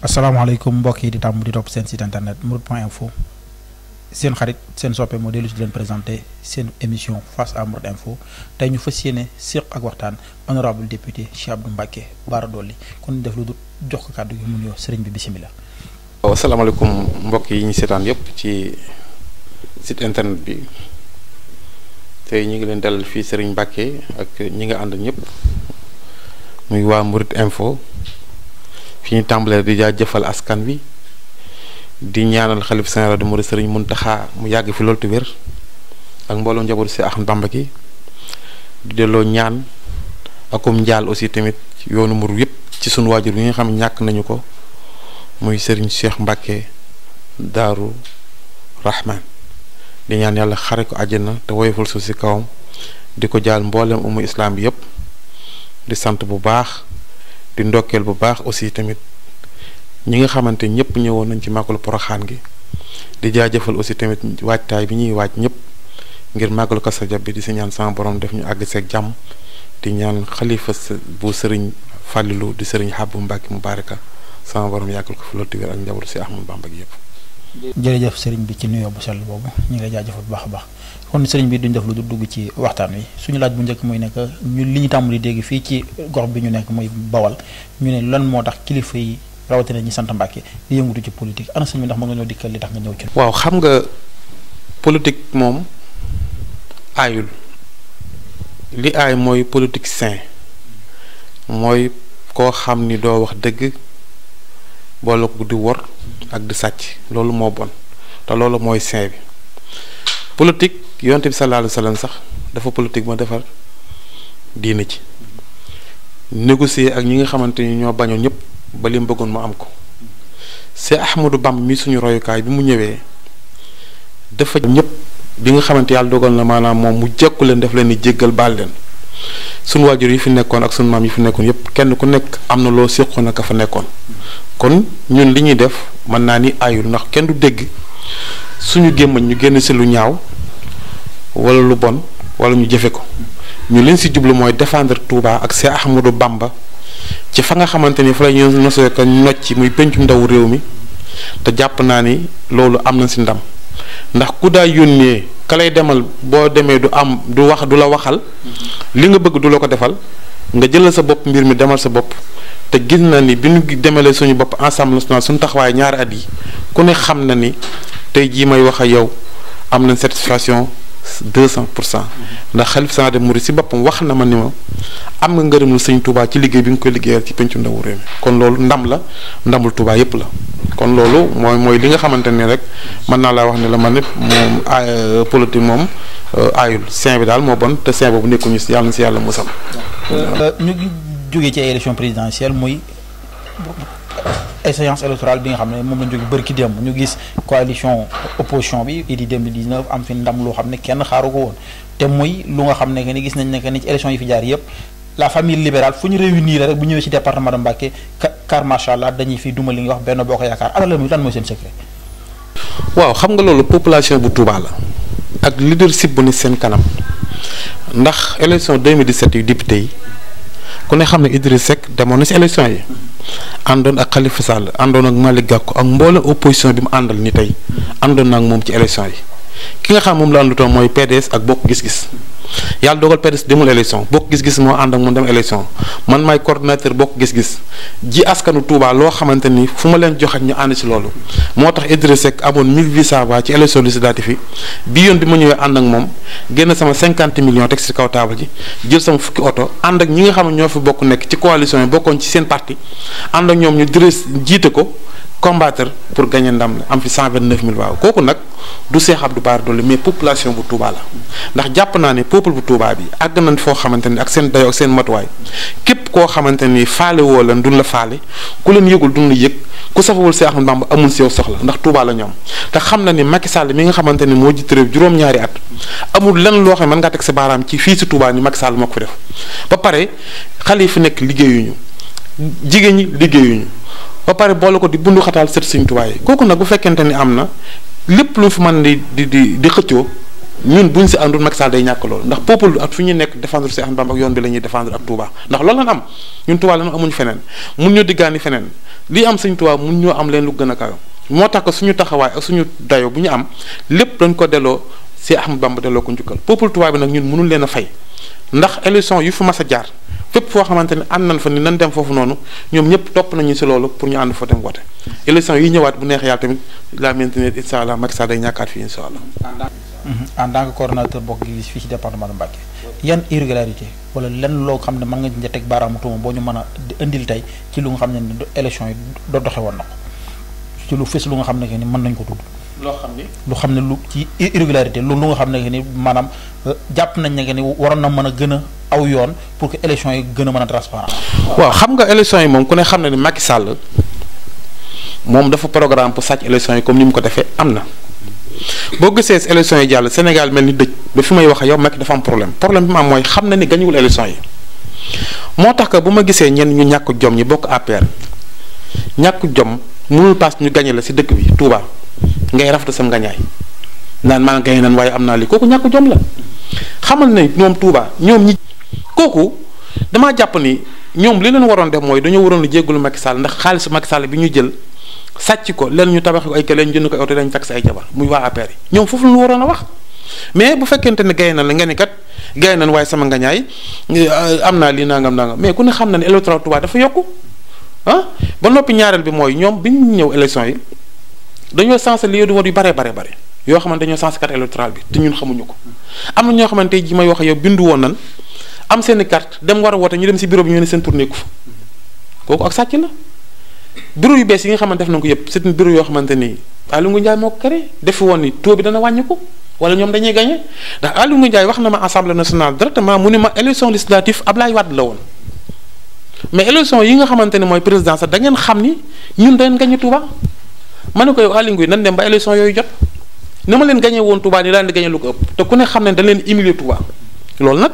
asalaamaaleykum mbokk yi di tàmm di top seen site internet mourides point info seen xarit seen soppe moo dellu si di leen présenté seen émission face à mourid info tey ñu fas yéene séq ak waxtaan honorable député Cheikh Abdou Mbacké Bara Dolly kon def lu du jox ko kàddu yu mu nuyoo sëriñ bi bisimilah. asalaamaaleykum mbokk yi ñu seetaan yépp ci site internet bi tey ñu ngi leen dalal fii sëriñ Mbacké ak ñi nga ànd ñëpp muy waa mourid info. fi ñu tàmbalee di jaajëfal askan wi di ñaanal khalif général des mourides Serigne muntaha mu yagg fi loltu wër ak mbolo njabur si ahmed Bamba ki di delo ñaan akum njaal aussi tamit yoonu mur yépp ci sun wajur ñi xam ñak nañu ko muy Serigne Cheikh mbacké daru Rahman di ñaan yalla xaré ko aljana te woyofal su ci kawam diko jaal mbolam umu islam bi di sante bu baax di ndokkeel bu baax aussi tamit ñi nga xamanteni ñepp ñewoon nañ ci makul poroxaan gi di jaajeufal aussi tamit waajtaay bi ñuy waaj ñepp ngir màggalu kassa Rajab bi di si sama borom def ñu ag sek jam di ñaan khalifa bu sëriñ fàllilu di sëriñ habbu Mbàkke Mubaraka sama borom yakul ko fi loolu ak njabootu si ahmad Bamba gi yëpp. jërëjëf sëriñ bi ci nuyo bu sel bobu ñi ngi jaajeufal bu baax baax. kon sëriñ bi duñ def lu dugg ci waxtaan wi suñu laaj bu njëkk muy nekk ñu li ñu tàmbali dégg fii ci gox bi ñu nekk muy bawal ñu ne lan moo tax kilifa yi rawatina ñi sant Mbàkke di yëngutu ci politique ana sëriñ bi ndax mën nga ñoo dikkal li tax nga ñëw ci. waaw xam nga politique moom ayul li aay mooy politique sain mooy koo xam ni doo wax dëgg boole ko di wor ak di sàcc loolu moo bon te loolu mooy sain bi politique. yonte bi sallallahu alayhi sax dafa politique ma defar diine ci négocier ak ñi nga xamante ni ñoo bañoon ñëpp ba li bëggoon mu am ko c'est Ahmadou Bamba mi suñu royukaay bi mu ñëwee dafa ñëpp bi nga xamante yàlla dogal na maanaam moom mu jekku leen def leen ni jéggal baal leen suñu waajur yi fi nekkoon ak suñu maam yi fi nekkoon yëpp kenn ku nekk am na loo séqoon ak a fa nekkoon kon ñun li ñuy def mën naa ni ayul ndax kenn du dégg suñu gémmañ ñu génn si lu ñaaw wala lu bon wala ñu jëfé ko ñu leen si djublu moy défendre Touba ak Cheikh Ahmadou Bamba ci fa nga xamanteni fa lay ñu nosee ko nocc muy pencum ndaw rew mi te japp naa ni lolu am ndam ndax ku da yonne kalay demal bo demee du am du wax du la waxal li nga bëgg du la ko defal nga jël sa bop mbir mi demal sa bop te gis na ni biñu ñu suñu bop ensemble national suñu taxway ñaar at yi ku ne xam na ni tay ji may wax ak yow amna satisfaction deux cent pour cent ndax xalif sana de Mouride si boppam wax na ma ni ma am nga ngërëmul sëñ Touba ci liggéey bi nga koy liggéeyal ci pincu ndaw réew mi kon loolu ndam la ndamul Touba yépp la kon loolu mooy mooy li nga xamante ne rek mën naa laa wax ne la man it moom ay euh, politique moom aayul euh, saint bi daal moo bon te saint boobu nekkuñu si yàlla na si yàlla musal. Euh, ñu jógee ci élection présidentielle muy. échéance électorale bi nga xam ne moom lañ jóge bërki démb ñu gis coalition opposition bi di 2019 am fi ndam loo xam ne kenn xaaru woon te muy lu nga xam ne que ni gis nañ ne que ni ci élection yi fi jaar yépp la famille libérale fu ñu réunir rek bu ñëwee ci département de Mbacké car macha duma li wax benn boo ko yaakaar alal xam nga loolu population bu Touba la ak leadership bu seen kanam ndax élection 2017 yu député yi ku ne xam ne Idriss Seck demoon na ci élection yi. àndoon ak Khalifa Sall àndoon ak Malick Gakou ak mboolem opposition bi mu àndal ni tey àndoon naa ak moom ci élection yi ki nga xam moom la àndutoon mooy PDS ak bokk gis-gis yàlla dogal PDS demul élection bokk gis-gis moo ànd ak moom dem élection man maay coordonnateur bokk gis-gis ji askanu Touba loo xamante ni fu ma leen joxe ñu ànd ci loolu moo tax Idrissa Seck amoon 1800 voix ci élection législative yi bi yoon bi ma ñëwee ànd ak moom génn sama 50 million teg ci kaw taabal ji jël sama fukki oto ànd ak ñi nga xam ne ñoo fi bokk nekk ci coalition yi bokkoon ci seen parti ànd ak ñoom ñu diré jiite ko combattre pour gagner ndam am fi 129000 waaw kooku nak du Cheikh Abdou Bara Dolly mais population bu Touba la ndax japp na ne peuple bu Touba bi ag nañ fo xamanteni ak sen dayo ak sen matway kep ko xamanteni faale lan la faale ku len yegul dun la ku safawul cheikh Bamba amul soxla ndax Touba la ñom te xam na ni Macky mi nga xamanteni ni juroom ñaari at amul lan lo ci Touba ni Macky def ba ba pare boole ko di bundu xataal sët Sëriñ Tuubaa yi kooku nag bu fekkente ni am na lépp lu fi mën di di di di xëccoo ñun buñ si àndul Macky Sall day ñàkk loolu ndax peuple ak fi ñu nekk défendre Cheikh Ahmadou Bamba yoon bi la ñuy défendre ak ndax loolu lan am ñun Touba lan amuñ feneen mun ñu diggaani feneen lii am Sëriñ Tuubaa mun ñoo am leen lu gën a kaw moo tax ko suñu taxawaay ak suñu dayo bu ñu am lépp dañ ko delloo Cheikh Ahmadou Bamba delloo ko njukkal peuple Touba bi nag ñun mënul leen a fay ndax élection yu fi mas a jaar fépp foo xamante ne ànd nañ fa ni nan dem foofu noonu ñoom ñëpp topp nañu si loolu pour ñu ànd fa dem woote élection yi ñëwaat bu neex yaa tamit la maintenir incha allah Macky Sall day ñàkkaat fii incha allah. en tant que coordonnateur bokk gi fii ci département de Mbacké yan irrégularité wala len loo xam ne mën nga ci teg baaraamu tuuma boo ñu mën a indil tey ci lu nga xam ne élection yi do doxe woon na ko ci lu fës lu nga xam ne ni mën nañ ko tudd. loo xam ne lu xam ne lu ci irrégularité lu lu nga xam ne ni maanaam euh, jàpp nañ ne ni waroon na mën a gën a aw yoon pour que élection yi gën a mën a transparent waaw xam nga élection yi moom ku ne xam ne ni Macky Sall moom dafa programme pour sàcc élection yi comme ni mu ko defee am na boo gisee élection yi jàll Sénégal mel ni dëj ba fi may waxee yow Macky dafa am problème problème bi ma am mooy xam na ni gañuwul élection yi moo tax que bu ma gisee ñenn ñu ñàkk jom ñi bokk APR ñàkk jom mënul paas ñu gañe la si dëkk bi Touba. ngay rafet sam ngañaay naan maa gañe waaye am naa li kooku ñàkk jom xamal ne ñoom Touba ñoom ñi kooku damaa jàpp ni ñoom li leen waroon def mooy dañoo waroon lu jéggulu Macky ndax xaalisu Macky Sall bi ñu jël sàcc ko leen ñu tabax ko ay kër ko oto dañ fekk si ay jabar muy waa APR ñoom foofu la waroon a mais bu fekkente ne gaye la nga ni kat gaye waaye sama ngañaay eh, am naa lii nangam nangam mais ku ne xam na ne électorat Touba dafa yokku ah ba noppi ñaareel bi mooy ñoom bi ñu ñëw élection yi dañu sens lieu de vote yu bare bare bare yo xamanteni dañu sens carte électorale bi te ñun xamuñu ko am na ñoo xamante ji may wax yow bindu won nan am seen carte dem war wote ñu dem ci bureau bi ñu ne seen tournée ko koku ak sàcc bureau yu bes yi nga xamanteni def nañ ko yëpp c'est une bureau yo xamanteni alu ngu ndjay mo ko créé woni bi dana wàññi ko wala ñom dañuy gagné da alu ngu ndjay wax na ma assemblée nationale directement mu ma élection législative Ablaye wad la won mais élection yi nga xamanteni moy présidence da ngeen xamni ñun dañ gagné Touba mane ko yow Aly Ngouille nan dem élection yooyu jot ni ma leen gagné woon Touba ni laa leen di gagné lu ko ëpp te ku ne xam ne dañ leen humilier Touba loolu nag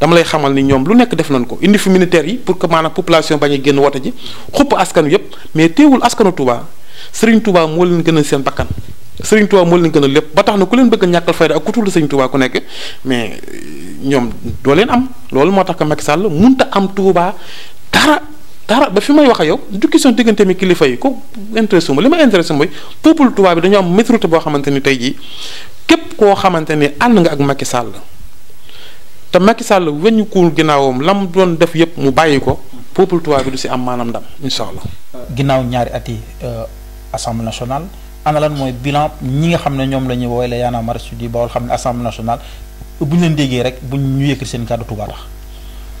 dama lay xamal ni ñoom lu nekk def nañ ko indi fi militaire yi pour que maanaam population bañ a génn wote ji xupp askan wi yëpp mais teewul askanu Touba Serigne Touba moo leen gënal seen bakkan Serigne Touba moo leen gënal lépp ba tax na ku leen bëgg a ñàkkal fayda ak ku tudd Serigne Touba mais ñoom doo leen am loolu moo tax que Macky Sall mënut a am Touba dara. dara ba fi may wax ak yow jukki seen diggante mi kilifa yi ko intéressé ma lima ma intéressé mooy peuple tubaab bi dañoo am maturité boo xamante ni tey jii képp koo xamante ni ànd nga ak Macky Sall te Macky Sall weñu kuul ginnaawam lam doon def yépp mu bàyyi ko peuple tubaab bi du si am maanaam ndam incha allah. ñaari at yi euh, assemblée nationale ana lan mooy bilan ñi nga la la yaanaamar su di bawol xam assemblée nationale bu leen déggee rek bu ñu yëkkati seen kàddu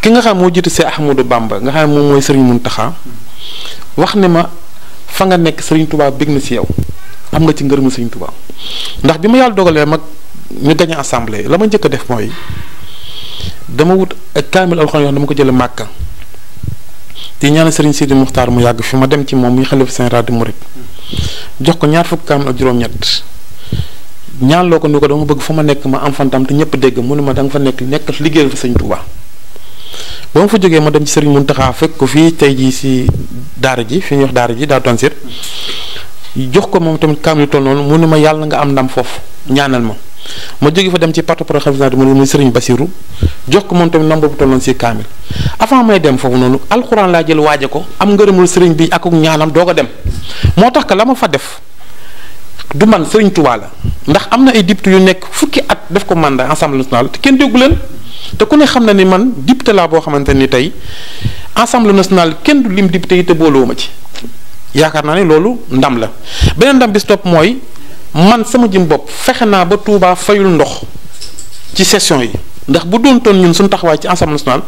ki nga xam moo jiitu see Ahmadou Bamba nga xam moom mooy Serigne Mountakha wax ne ma fa nga nekk Serigne Touba bég na ci yow am nga ci ngërëmu Serigne Touba ndax bi ma yàlla dogalee mag ñu gañ assemblée la ma njëkk a def mooy dama wut ak kaamil alxuraan yoo dama ko jële màkka di ñaan Serigne Sidi Muxtaar mu yàgg fi ma dem ci moom muy xalifa saint des mourid jox ko ñaar fukk kaamil ak juróom-ñett. ñaan loo ko ni ko dama bëgg fa ma nekk ma am fantam te ñëpp dégg mu ne ma da nga fa nekk nekk liggéeyal fa sëñ Tuubaa ba ma fa jógee ma dem ci mun Mountakha fekk ko fii tey jii si daara ji fi ñuy daara ji daa tonsir jox ko moom tamit kaam yu toll noonu mu ne ma yàlla nga am ndam foofu ñaanal ma ma jóge fa dem ci parti programme nationale mu ne Serigne Bassirou jox ko moom tamit nombre bu tolloon si kaamil avant may dem foofu noonu alxuraan laa jël waaje ko am ngërëmul Serigne bi ak ñaanam doog ko dem moo tax que la ma fa def du man sëriñ Touba ndax am na ay député yu nekk fukki at def ko mandat Assemblée nationale te kenn déggu leen te ku ne xam na ni man député laa boo xamante ni tey assemblée nationale kenn du lim député yi te boolewuma ci yaakaar naa ne loolu ndam la beneen ndam bi si mooy man sama jëm bopp fexe naa ba tuubaa fayul ndox ci session yi ndax bu doon toon ñun suñu taxawaay ci Assemblée nationale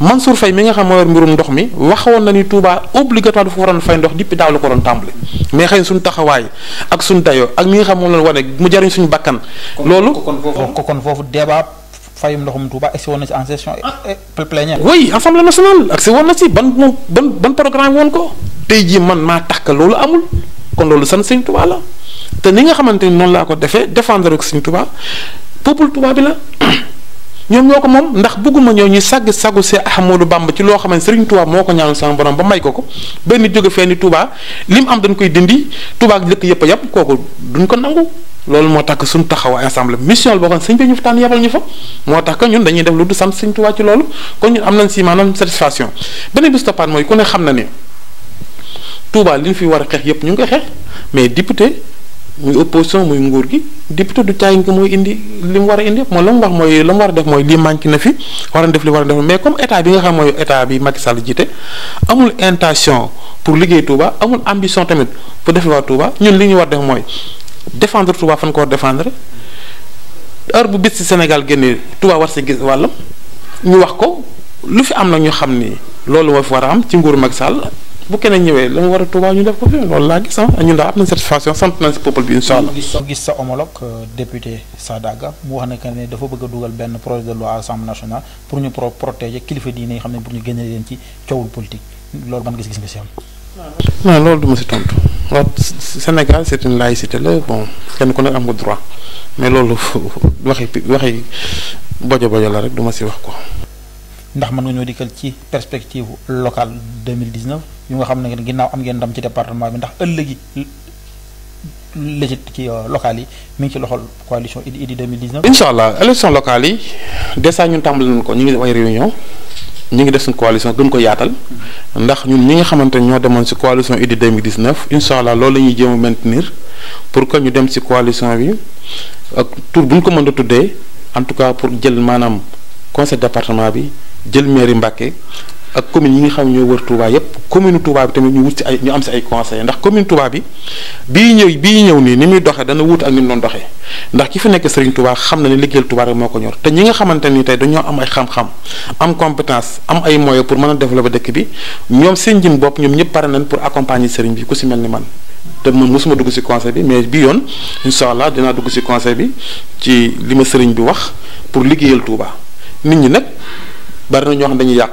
Mansour Faye mi nga xam moo yor mbirum ndox mi waxoon na ni Touba obligatoire dafa waroon fay ndox depuis daaw la ko doon tàmbali mais xëy na suñu taxawaay ak suñu dayoo ak mi nga xam moom la wane mu jariñ suñu bakkan. loolu kon kon foofu débat fayum ndoxum touba ex won na ci en session eh, eh, plénière ya. oui assemblée nationale ak ci won ci ban ban ban programme won ko tay ji man ma tak lolu amul kon lolu san seigne touba la te ni nga xamanteni non la ko defé défendre ak seigne touba peuple touba bi la ñom ñoko mom ndax bëgguma ñoo ñi sag sagu ci ahmadou bamba ci lo xamanteni serigne touba moko ñaan sa borom ba may koko ben joge fenni touba lim am dañ koy dindi touba ak lepp yep yep koko duñ ko nangu loolu moo tax suñu taxaw ensemble mission la boo xam sëñ bi ñu fa tànn yebal ñu fa moo tax que ñun dañuy def lu du sant sëñ Tuubaa ci loolu kon ñun am na si maanaam satisfaction beneen bi stoppaat mooy ku ne xam na ne Touba li ñu fi war a xeex yëpp ñu ngi koy xeex mais député muy opposition muy nguur gi député du caay nga muy indi li mu war a indi yëpp la mu wax mooy la mu war a def mooy lii manqué na fi war a def li war a def mais comme état bi nga xam mooy état bi Macky Sall jiite amul intention pour liggéey Touba amul ambition tamit pour def ñun li ñu war def mooy. défendre Touba fan ko war défendre heure bu bis ci Sénégal génne Touba war si gis wàllam ñu wax ko lu fi am na ñu xam ni loolu moo fi war a am ci nguuru Macky Sall bu keneen ñëwee la mu war a Touba ñu def ko fi loolu laa gis ah am nañ satisfaction sant nañ si peuple bi incha sa homologue euh, député Sadaga mu wax ne que ne dafa bëgg dugal benn projet de loi pour ñu pro protéger kilifa diine yi xam ne pour ñu génne leen ci coowul politique loolu ban gis-gis nga si am. non loolu du si tontu. notre Sénégal c'est une laïcité la bon kenn ko nekk am nga droit mais loolu waxi waxi bojo bojo la rek duma si wax ko ndax mën nga ñoo dikkal ci perspective locale 2019 yu nga xam ne ginnaaw am ngeen ndam ci département bi ndax ëllëgi légit ci euh, locales yi mu ngi ci loxol coalition Idy Idy 2019. incha allah élection locale yi dèjà ñun tàmbali nañu ko ñu ngi def réunion ñu ngi def suñu coalition gën ko yaatal ndax ñun ñi nga xamante ñoo demoon ci coalition Idy 2019 incha allah loolu la ñuy jéem a maintenir pour que ñu dem ci coalition bi ak tur bu ñu ko mën a tuddee en tout cas pour jël maanaam conseil département bi jël mairie Mbacké ak commune yi nga xam ñoo wër Touba yépp commune Touba bi tamit ñu wut si ay ñu am ci ay conseil ndax commune Touba bi bi ñëw bi ñëw ni ni muy doxee dana wut ak ni non doxé ndax ki fi nekk Serigne Touba xam na ni liggéeyal Touba rek moko ñor té ñi nga xamanteni tay dañoo am ay xam-xam am compétence am ay moyo pour mëna développer dëkk bi ñom seen jëm bop ñom ñëpp paré nañ pour accompagner Serigne bi ku ci melni man té man musuma dugg ci conseil bi mais bi yoon inshallah dina dugg ci conseil bi ci lima Serigne bi wax pour liggéeyal Touba nit ñi nak bari na ñoo xam dañuy yàq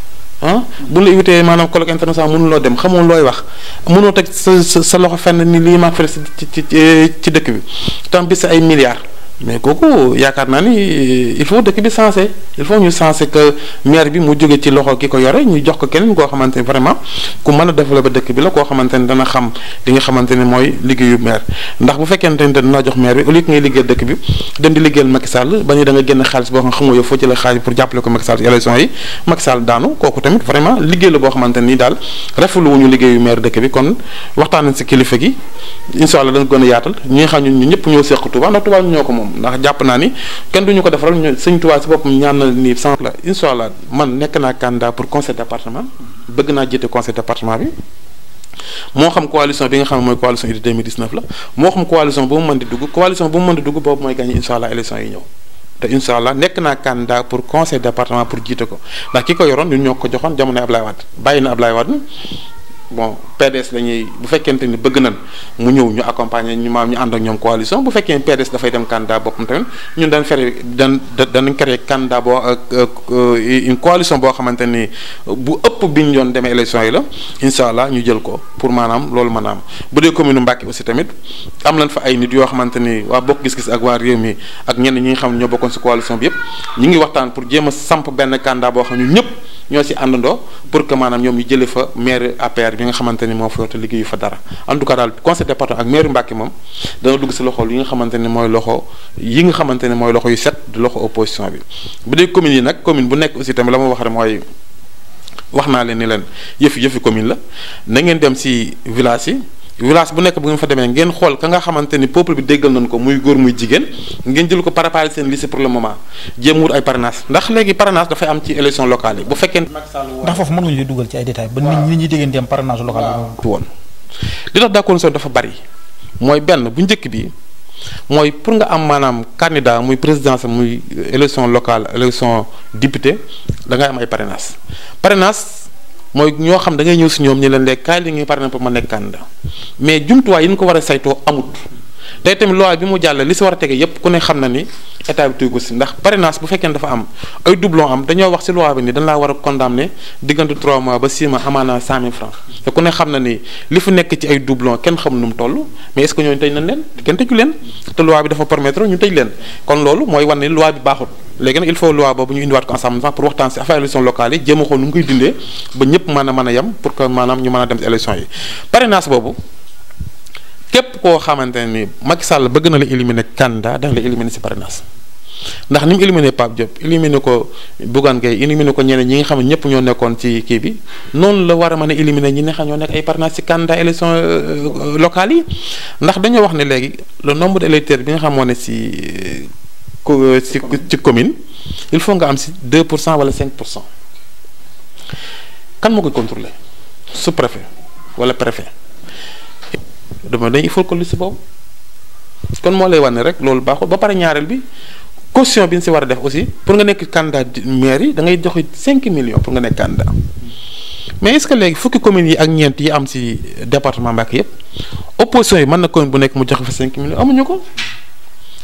ah buñ la invité maanaam colloque international mënuloo dem xamoo looy wax mënoo teg sa sa loxo fenn ni lii maa ko fële ci ci ci dëkk bi tam bi sa ay milliards. mais kooku yaakaar naa ni euh, il faut dëkk bi sensé il faut ñu sensé que maire bi mu jóge ci loxo ki ko yore ñu jox ko keneen koo xamante ni vraiment ku mën a développé dëkk bi la koo xamante ni dana xam nga xamante ni mooy liggéeyu maire ndax bu fekkente ni dana jox maire bi au lieu dëkk bi dem di liggéeyal Macky Sall ba ñu da nga génn xaalis boo xam xamoo yow foo ci la xaalis pour jàppale ko Macky Sall ci élection yi Macky daanu kooku tamit vraiment liggéey la boo xamante ni daal refulu wuñu liggéeyu maire dëkk bi kon waxtaan nañ si kilifa gi incha allah dañ gën ñëpp ñoo seq Touba ndax Touba ñoo ko moom ndax jàpp naa ni kenn duñu ko defaral ñu sëñ Tuubaa si boppam ñaan na ni sans la incha man nekk naa candidat pour conseil département bëgg naa jiite conseil département bi moo xam coalition bi nga xam ne mooy coalition Idy 2019 la moo xam coalition bu mu mën di dugg coalition bu mu mën di dugg boobu mooy gagné incha élection yi ñëw te incha nekk naa candidat pour conseil département pour jiite ko ndax ki ko yoroon ñun ñoo ko joxoon jamono Ablaye bon PDS la ñuy bu fekkente ni bëgg nan mu ñëw ñu accompagner ñu maam ñu ànd ak ñoom coalition bu fekkee PDS dafay dem candidat boppam tamit ñun dañ fere dan danañ créé candidat boo euh, une coalition boo xamante ni bu ëpp bi ñu doon demee élection yi la incha allah ñu jël ko pour maanaam loolu maanaam bu dee commune Mbacké aussi tamit am lan fa ay nit yoo xamante ni waa bokk gis-gis ak waa réew mi ak ñenn ñu xam ñoo bokkoon si coalition bi yëpp ñu ngi waxtaan pour jéem samp benn candidat boo xam ne ñëpp. ñoo si àndandoo pour que maanaam ñoom ñu jëlee fa maire APR bi nga xamante ni moo fa liggéeyu fa dara en tout cas daal conseil département ak maire Mbacke moom dana dugg si loxo yi nga xamante ne mooy loxo yi nga xamante ne mooy loxo yu set du loxo opposition bi bu dee commune yi nag commune bu nekk aussi tamit la ma wax rek mooy wax naa leen ni leen yëfi yëfi commune la na ngeen dem si village yi village bu nek bu ngeen fa demé ngeen xol ka nga xamanteni peuple bi déggal nañ ko muy goor muy jigen ngeen jël ko préparé sen lycée pour le moment jéem ay parnas ndax parnas da fay am ci élection locale bu fekkee ndax fofu mënu ñu duggal ci ay détails ba nit ñi ñi dem parnas local bi won li tax ko so dafa bari moy ben, bu ñëk bi moy pour nga am manam candidat muy présidence muy élection locale élection député da nga am ay parnas parnas mooy ñoo xam da ngay ñëw si ñoom ñu leen lekk kaay li ngi pare na pour ma nekk candidat mais jumtuwaay yi ñu ko war a saytoo amut tey tamit loi bi mu jàll li si war a tege yépp ku ne xam na ni état bi tuuti ko si ndax parrainage bu fekkee dafa am ay doublon am dañoo wax si loi bi ni dañ laa war a condamné diggante 3 mois ba 6 mois amaana 100000 francs te ku ne xam na ni li fi nekk ci ay doublon kenn xam nu mu toll mais est-ce que ñooñu tëj nañ leen kenn tëju leen te ñu tëj leen kon loolu mooy wan ni loi bi baaxut. léegi il faut loi bobu ñu indi wat ko ensemble pour waxtan si affaire élection locale yi jéem a xool nu mu ba ñëpp mën a mën pour que manam ñu mëna a dem si élection yi parrainage bobu képp koo xamante ni Macky Sall bëgg na la éliminer candidat da nga la éliminer ci parrainage ndax ni mu éliminé Pape Diop éliminer ko Bougane Gueye éliminer ko ñeneen ñi nga xam ne ñëpp ñoo nekkoon ci kii bi noonu la war a mën a éliminé ñi nga xam ñoo nekk ay parrainage ci candidat élection euh, locale yi ndax dañoo wax ne léegi le nombre d'électeurs bi nga xamoon ne si euh, euh, ci ci commune il faut nga am si 2 ou wala 5 pour cent kan contrôler Ce préfet wala préfet dama il faut que liste boobu kon moo lay wane rek loolu baaxul ba pare ñaareel bi caution bi ñu si def aussi pour nga nekk candidat de mairie, da ngay joxe 5 millions pour nga nekk candidat mais est-ce que les fukki communes yi ak ñeent yi am si département Mbacké yëpp opposition yi mën na commune bu mu joxe 5 millions amuñu ko.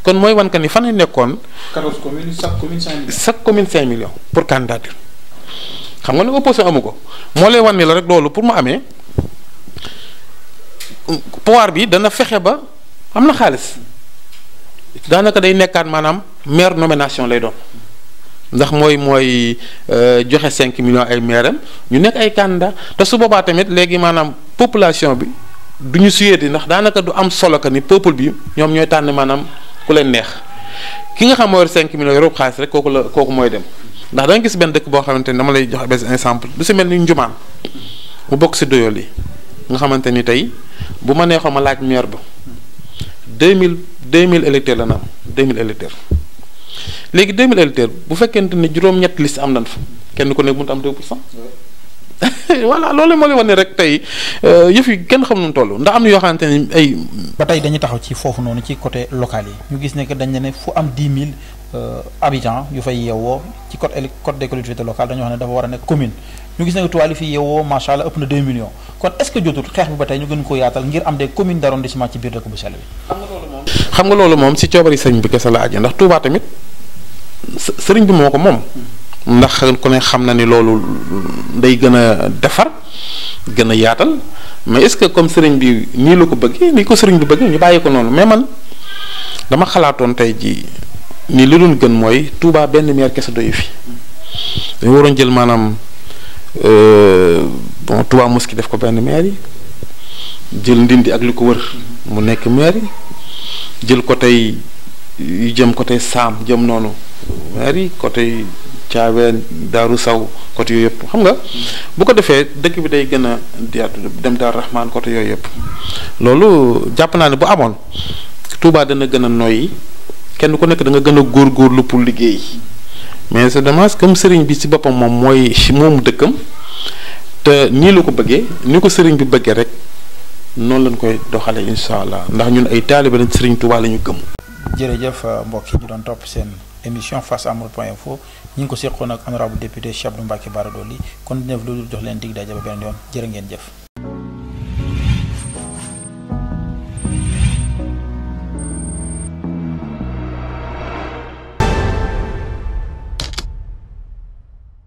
kon moy wan que ni fan la commune 14 commune 5 millions. chaque commune 5 millions pour candidature xam nga ni opposé amu mo lay wan ni la rek lolu pour ma amé pouvoir bi dana fexé ba amna na xaalis daanaka day nekkat manam maire nomination lay do ndax moy mooy euh, joxe 5 millions ay maire ñu nek ay candidat te su boba tamit légui manam population bi duñu suyé di ndax danaka du am solo que ni peuple bi ñom ñoy tan manam ku leen neex ki nga xam moo yor 5 millions yorub xaalis rek kooku la kooku mooy dem ndax da gis benn dëkk boo xamante ni dama lay jox benn exemple lu si mel ni njumaan mu bokk si doyool yi nga xamante ni tey bu ma neexoon ma laaj maire ba 2000 2000 électeurs la na am 2000 électeurs léegi 2000 électeurs bu fekkente ni juróom-ñett liste am nañ fa kenn ku ne mënut am 2 pour cent voilà loolu moo leen wane rek tey euh, yëf yi kenn xam nu toll ndax am na yoo xamante ne ay. ba tey dañuy taxaw ci foofu noonu ci côté local yi ñu gis ne que dañ ne ne fu am dix mille euh, habitants yu fay yeewoo ci code code des collectivités locales dañu ne dafa war a nekk commune ñu gis ne que Touba li fi yeewoo macha allah ëpp na deux millions kon est ce xeex bi ba tey ñu gën ko yaatal ngir am des communes d' arrondissement ci biir dëkk bu sell bi. xam nga loolu ndax ku ne xam na ni loolu day gën a defar gën a yaatal mais est-ce que comme sëriñ bi nii la ko bëggee nii ko sëriñ bi bëggee ñu bàyyi noonu mais man dama xalaatoon tey jii nii li doon gën mooy Touba benn maire kese doyu fi dañu waroon jël maanaam euh, bon Touba mosquée def ko benn maire yi jël ndindi ak li ko wër mu nekk maire yi jël côté yu jëm côté Saam jëm noonu maire yi côté. caawe daru saw côté yooyu yëpp xam nga bu ko defé dekk bi day gëna dem dar rahman côté yooyu yëpp loolu jàpp naa ne bu amone Touba dana gëna noy gur kenn ku nek da nga gor gor lu pour liggéey mais c'est dommage comme serigne bi ci mom moy ci mom dekkam te ni lu ko bëggé ni ko serigne bi bëggé rek non lañ koy doxale inshallah ndax ñun ay taalibe lañ serigne Touba lañu gëm. jërëjëf mbokk yi ñu doon émission face amour.info ñu ngi ko seqoon ak honorable député Cheikh Abdou Mbacké Bara Dolly kon def loolu jox leen dig daje ba beneen yoon jërë ngeen jëf